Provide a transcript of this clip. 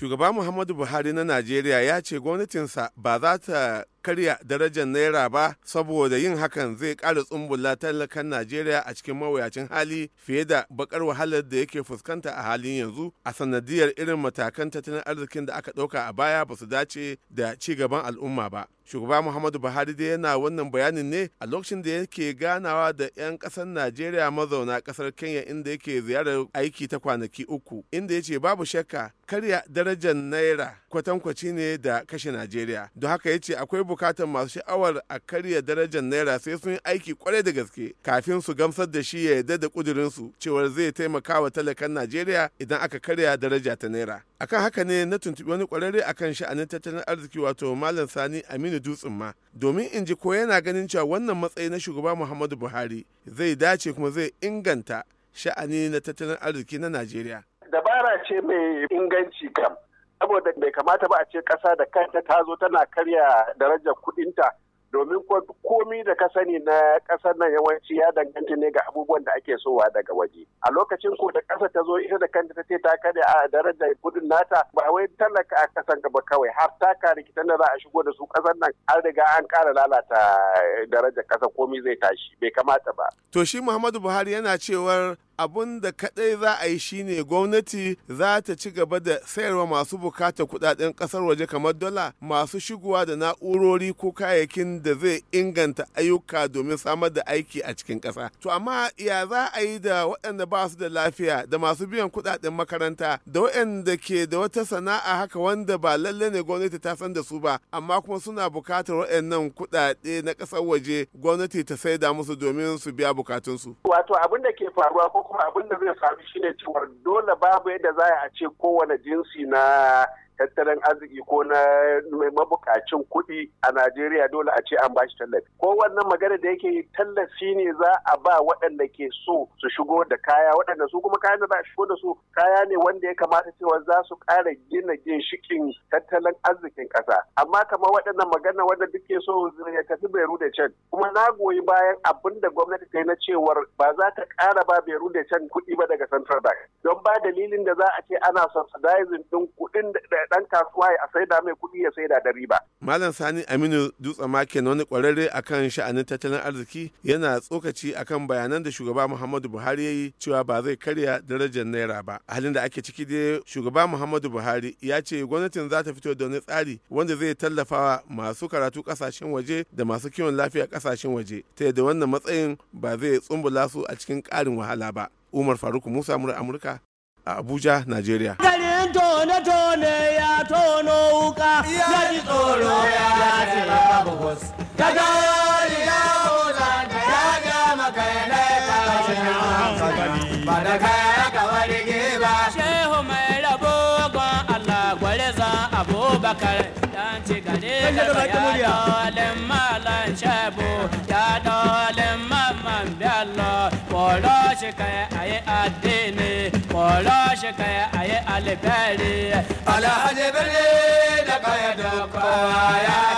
shugaba muhammadu buhari na najeriya ya ce gwamnatinsa ba za ta karya darajar naira ba saboda yin hakan zai ƙara tsumbula talakan najeriya a cikin mawuyacin hali fiye da bakar wahalar da yake fuskanta a halin yanzu a sanadiyar irin matakan tattalin arzikin da aka ɗauka a baya ba su dace da ci gaban al'umma ba shugaba muhammadu buhari da yana wannan bayanin ne a lokacin da yake ganawa da 'yan kasar najeriya mazauna kasar kenya inda yake ziyarar aiki ta kwanaki uku inda ya ce babu shakka karya darajar naira kwatankwaci ne da kashe najeriya don haka ya ce akwai bukatar masu sha'awar a karya darajar naira sai sun yi aiki kwarai da gaske kafin su gamsar da shi ya yarda da kudurinsu cewar zai taimaka wa talakan najeriya idan aka karya daraja ta naira akan haka ne na tuntubi wani kwararre akan sha'anin tattalin arziki wato malam sani aminu dutsen ma domin in ji ko yana ganin cewa wannan matsayi na shugaba muhammadu buhari zai dace kuma zai inganta sha'ani na tattalin arziki na najeriya dabara ce mai inganci kam saboda bai kamata ba a ce kasa da kanta ta zo tana karya darajar kuɗinta domin komi da ka sani na kasar nan yawanci ya danganta ne ga abubuwan da ake sowa daga waje a lokacin ko da kasa ta zo ita da kanta ta ce ta karya a darajar kudin nata ba wai talaka a kasan gaba kawai har ta kare kitan da za a shigo da su kasar nan an riga an kara lalata eh, darajar kasa komi zai tashi bai kamata ba to shi muhammadu buhari yana cewar abun da kadai za a yi shine gwamnati za ta ci gaba da sayarwa masu bukatar kudaden kasar waje kamar dola masu shigowa da na'urori ko kayayyakin da zai inganta ayyuka domin samar da aiki a cikin kasa to amma ya za a yi da waɗanda ba su da lafiya da masu biyan kudaden makaranta da waɗanda ke da wata sana'a haka wanda ba lalle ne gwamnati ta san da su ba amma kuma suna bukatar waɗannan kudade na kasar waje gwamnati ta saida musu domin su biya bukatunsu wato abin da ke faruwa ko kuma abin da zai sami shine cewar dole babu yadda za a ce kowane jinsi na tattalin arziki ko na mai mabukacin kuɗi a Najeriya dole a ce an bashi tallafi. Ko wannan magana da yake tallafi ne za a ba waɗanda ke so su shigo da kaya waɗanda su kuma kayan da za a shigo da su kaya ne wanda ya kamata cewa za su ƙara gina ginshikin tattalin arzikin ƙasa. Amma kamar waɗannan magana wanda duke so ya tafi Beru da can. Kuma na goyi bayan abin da gwamnati ta yi na cewar ba za ta ƙara ba Beru da can kuɗi ba daga Central Bank. Don ba dalilin da za a ce ana subsidizing ɗin kuɗin ɗan kasuwa ya da mai kuɗi ya sai da ba. Malam Sani Aminu Dutse Maken wani ƙwararre akan sha'anin tattalin arziki yana tsokaci akan bayanan da shugaba Muhammadu Buhari ya yi cewa ba zai karya darajar naira ba. A halin da ake ciki dai shugaba Muhammadu Buhari ya ce gwamnatin za ta fito da wani tsari wanda zai tallafawa masu karatu ƙasashen waje da masu kiwon lafiya ƙasashen waje ta yadda wannan matsayin ba zai tsumbula su a cikin ƙarin wahala ba. Umar Faruk Musa Amurka a Abuja, Najeriya. tone-tone ya tono wuka ya ji tsoro ya ce babu hus ta gari ya huza da ya ga ya yana tashin hankali ba da kaya ka wani giba shehu mai rabo gwan Allah gwale za abubakar dan ci gare da bayan malam shabu Allah moro shi kai ayi addini moro shi kai ayi alfahari alhaji birni da ya